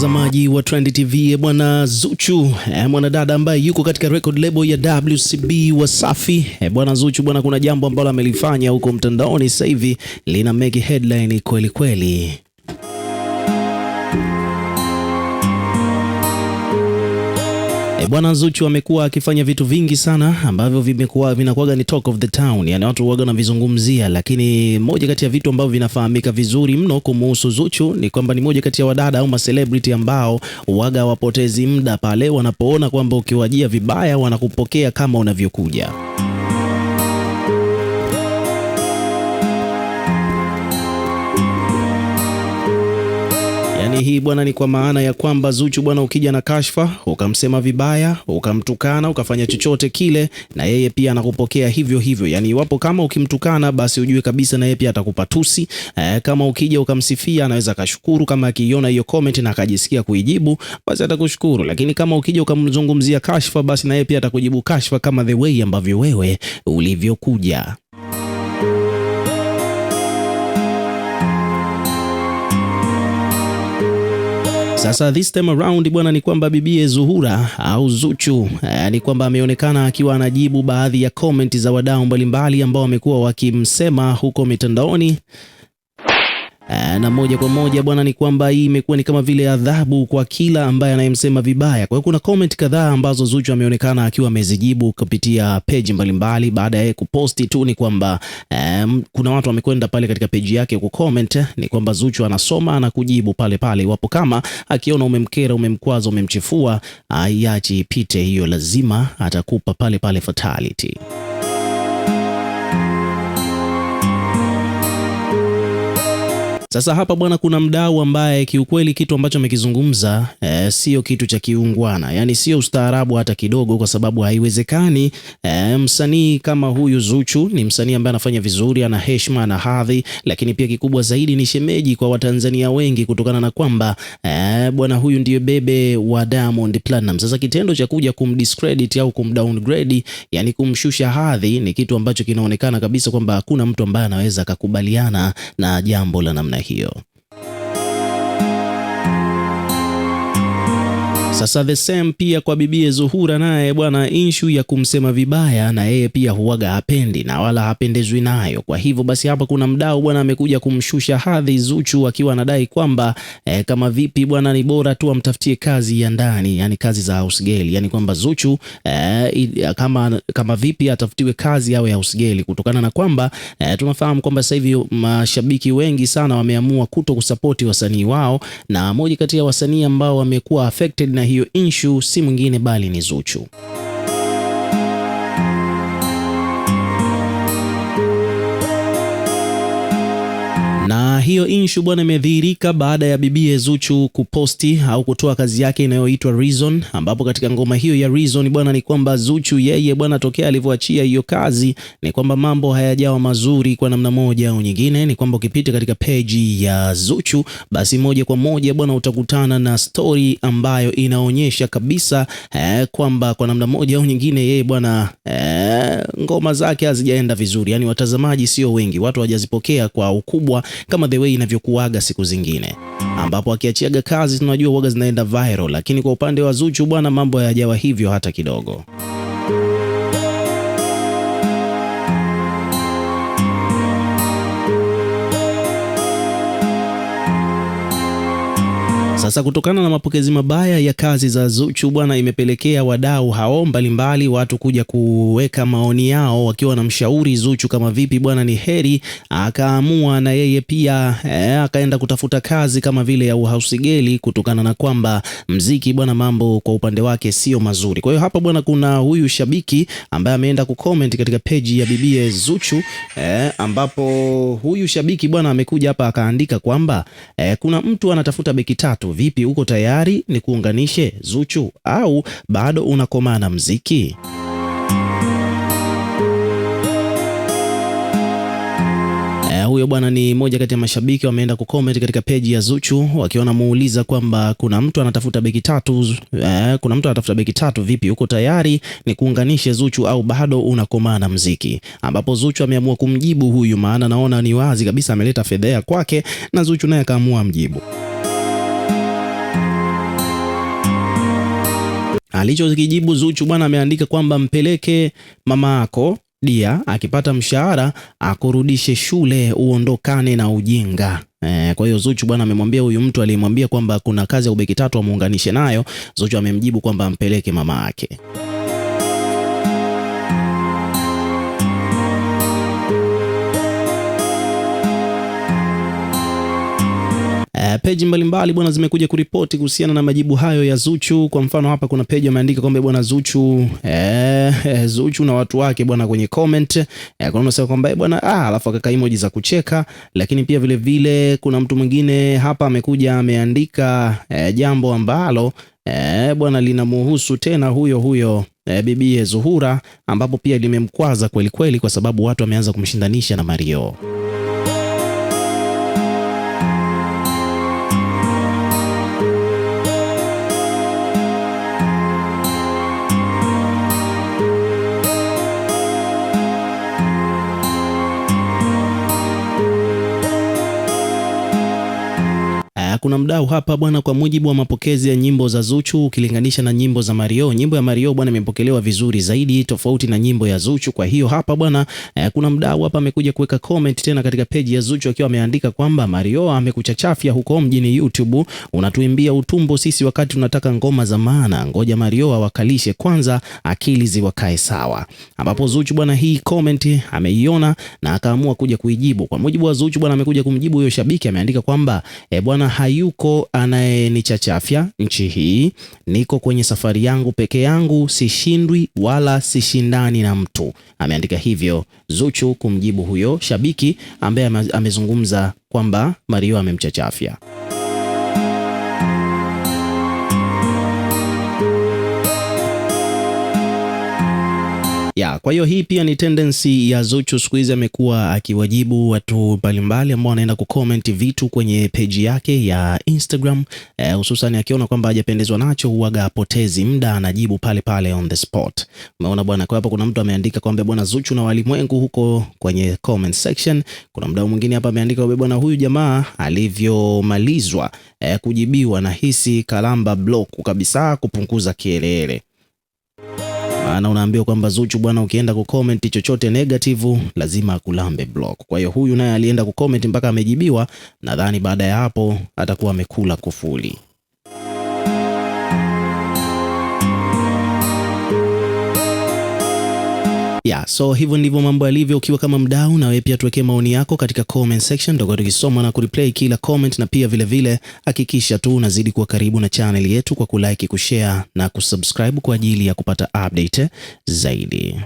mtazamaji wa Trend TV eh, bwana Zuchu e, mwanadada ambaye yuko katika record label ya WCB Wasafi e, bwana Zuchu bwana, kuna jambo ambalo amelifanya huko mtandaoni sasa hivi lina make headline kweli kweli. Bwana Zuchu amekuwa akifanya vitu vingi sana ambavyo vimekuwa vinakuwaga ni talk of the town, yani watu huwaga wanavizungumzia, lakini moja kati ya vitu ambavyo vinafahamika vizuri mno kumuhusu Zuchu ni kwamba ni moja kati ya wadada au macelebrity ambao huwaga wapotezi muda pale wanapoona kwamba ukiwajia vibaya wanakupokea kama unavyokuja. Yaani hii bwana ni kwa maana ya kwamba Zuchu bwana, ukija na kashfa ukamsema vibaya, ukamtukana, ukafanya chochote kile, na yeye pia anakupokea hivyo hivyo. Yaani iwapo kama ukimtukana, basi ujue kabisa na yeye pia atakupa tusi. Eh, kama ukija ukamsifia, anaweza akashukuru kama akiiona hiyo comment na akajisikia kuijibu, basi atakushukuru. Lakini kama ukija ukamzungumzia kashfa, basi na yeye pia atakujibu kashfa kama the way ambavyo wewe ulivyokuja. Sasa this time around bwana, ni kwamba bibie Zuhura au Zuchu eh, ni kwamba ameonekana akiwa anajibu baadhi ya comment za wadau mbalimbali ambao wamekuwa wakimsema huko mitandaoni Eh, na moja kwa moja bwana, ni kwamba hii imekuwa ni kama vile adhabu kwa kila ambaye anayemsema vibaya. Kwa hiyo kuna comment kadhaa ambazo Zuchu ameonekana akiwa amezijibu kupitia page mbalimbali baada ya kuposti tu, ni kwamba um, kuna watu wamekwenda pale katika page yake comment, eh, ni kwamba Zuchu anasoma na kujibu pale pale, iwapo kama akiona umemkera, umemkwaza, umemchifua, aiachi ipite hiyo, lazima atakupa pale pale fatality. Sasa hapa bwana, kuna mdau ambaye kiukweli kitu ambacho amekizungumza e, sio kitu cha kiungwana, yaani sio ustaarabu hata kidogo, kwa sababu haiwezekani e, msanii kama huyu Zuchu ni msanii ambaye anafanya vizuri, ana heshima, na hadhi, lakini pia kikubwa zaidi ni shemeji kwa Watanzania wengi, kutokana na kwamba e, bwana huyu ndiye bebe wa Diamond Platinum. Sasa kitendo cha kuja kumdiscredit au kumdowngrade, yani kumshusha hadhi, ni kitu ambacho kinaonekana kabisa kwamba hakuna mtu ambaye anaweza akakubaliana na jambo la namna heal. Sasa the same pia kwa bibie Zuhura, naye bwana, inshu ya kumsema vibaya na yeye pia huwaga hapendi na wala hapendezwi nayo. Kwa hivyo basi, hapa kuna mdau bwana amekuja kumshusha hadhi Zuchu akiwa anadai kwamba eh, kama vipi bwana, ni bora tu amtafutie kazi ya ndani, yani kazi za housegirl, yani kwamba Zuchu eh, kama, kama vipi atafutiwe kazi awe housegirl, kutokana na kwamba eh, tunafahamu kwamba sasa hivi mashabiki wengi sana wameamua kuto kusapoti wasanii wao, na moja kati ya wasanii ambao wamekuwa affected na hiyo inshu si mwingine bali ni Zuchu. hiyo inshu bwana imedhihirika baada ya bibie Zuchu kuposti au kutoa kazi yake inayoitwa Reason, ambapo katika ngoma hiyo ya Reason bwana ni kwamba Zuchu yeye bwana tokea alivyoachia hiyo kazi ni kwamba mambo hayajawa mazuri kwa namna moja au nyingine. Ni kwamba ukipita katika peji ya Zuchu, basi moja kwa moja bwana utakutana na story ambayo inaonyesha kabisa eh, kwamba kwa namna moja au nyingine yeye bwana eh, ngoma zake hazijaenda vizuri, yani watazamaji sio wengi, watu hawajazipokea kwa ukubwa kama the way inavyokuaga siku zingine, ambapo akiachiaga kazi tunajua uoga zinaenda viral, lakini kwa upande wa Zuchu bwana, mambo hayajawa hivyo hata kidogo. Sasa kutokana na mapokezi mabaya ya kazi za Zuchu bwana, imepelekea wadau hao mbalimbali, watu kuja kuweka maoni yao wakiwa na mshauri Zuchu kama vipi bwana, ni heri akaamua na yeye pia e, akaenda kutafuta kazi kama vile ya uhausigeli, kutokana na kwamba mziki bwana, mambo kwa upande wake sio mazuri. Kwa hiyo hapa bwana, kuna huyu shabiki ambaye ameenda kucomment katika peji ya bibie Zuchu e, ambapo huyu shabiki bwana amekuja hapa akaandika kwamba e, kuna mtu anatafuta beki tatu Vipi, uko tayari ni kuunganishe Zuchu au bado na mziki? Eh, huyo bwana ni moja kati ya mashabiki wameenda kucomment katika peji ya Zuchu wakiwa wanamuuliza kwamba kuna mtu anatafuta beki tatu, eh, kuna mtu anatafuta beki tatu. Vipi, uko tayari ni kuunganishe Zuchu au bado na mziki? Ambapo Zuchu ameamua kumjibu huyu, maana naona ni wazi kabisa ameleta fedhea kwake, na Zuchu naye akaamua mjibu. Alichokijibu Zuchu bwana ameandika kwamba mpeleke mama yako dia akipata mshahara akurudishe shule uondokane na ujinga. E, kwa hiyo Zuchu bwana amemwambia huyu mtu aliyemwambia kwamba kuna kazi ya ubeki tatu amuunganishe nayo. Zuchu amemjibu kwamba ampeleke mama yake. peji mbalimbali bwana zimekuja kuripoti kuhusiana na majibu hayo ya Zuchu. Kwa mfano hapa kuna peji wameandika kwamba bwana Zuchu eh, eh, Zuchu na watu wake bwana kwenye comment eh, kuna unasema kwamba eh, bwana ah, alafu akaka emoji za kucheka, lakini pia vile vile kuna mtu mwingine hapa amekuja ameandika eh, jambo ambalo eh, bwana linamuhusu tena huyo huyo eh, bibi Zuhura ambapo pia limemkwaza kweli kweli, kwa sababu watu wameanza kumshindanisha na Mario. kuna mdau hapa bwana, kwa mujibu wa mapokezi ya nyimbo za Zuchu ukilinganisha na nyimbo za Mario, nyimbo ya Mario bwana imepokelewa vizuri zaidi tofauti na nyimbo ya Zuchu. Kwa hiyo hapa bwana eh, kuna mdau hapa amekuja kuweka comment tena katika peji ya Zuchu akiwa ameandika kwamba Mario amekuchachafia huko mjini YouTube, unatuimbia utumbo sisi wakati tunataka ngoma za maana, ngoja Mario awakalishe kwanza akili ziwakae sawa. Ambapo Zuchu bwana hii comment ameiona na akaamua kuja kuijibu. Kwa mujibu wa Zuchu bwana amekuja kumjibu huyo shabiki, ameandika kwamba eh, bwana hayuko anayenichachafya nchi hii. Niko kwenye safari yangu peke yangu, sishindwi wala sishindani na mtu. Ameandika hivyo Zuchu kumjibu huyo shabiki ambaye amezungumza kwamba Mario amemchachafya. ya. Kwa hiyo hii pia ni tendency ya Zuchu siku hizi, amekuwa akiwajibu watu mbalimbali ambao wanaenda kucomment vitu kwenye peji yake ya Instagram eh, hususan eh, akiona kwamba hajapendezwa nacho huaga apotezi muda anajibu pale pale on the spot. Umeona bwana, kwa hapo kuna mtu ameandika kwamba bwana Zuchu na walimwengu huko kwenye comment section. Kuna mdau mwingine hapa ameandika bwana, huyu jamaa alivyomalizwa eh, kujibiwa, hisi kalamba block kabisa kupunguza kielele maana unaambiwa kwamba Zuchu bwana, ukienda kucomment chochote negative lazima akulambe block. Kwa hiyo huyu naye alienda kucomment mpaka amejibiwa. Nadhani baada ya hapo atakuwa amekula kufuli. Yeah, so hivyo ndivyo mambo yalivyo. Ukiwa kama mdau, na wewe pia tuwekee maoni yako katika comment section, ndio tukisoma na kureplay kila comment, na pia vilevile hakikisha tu unazidi kuwa karibu na channel yetu kwa kulike, kushare na kusubscribe kwa ajili ya kupata update zaidi.